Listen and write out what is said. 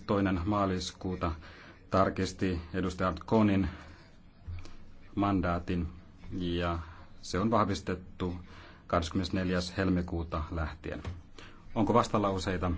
toinen maaliskuuta tarkisti edustaja Konin mandaatin ja se on vahvistettu 24. helmikuuta lähtien. Onko vastalauseita?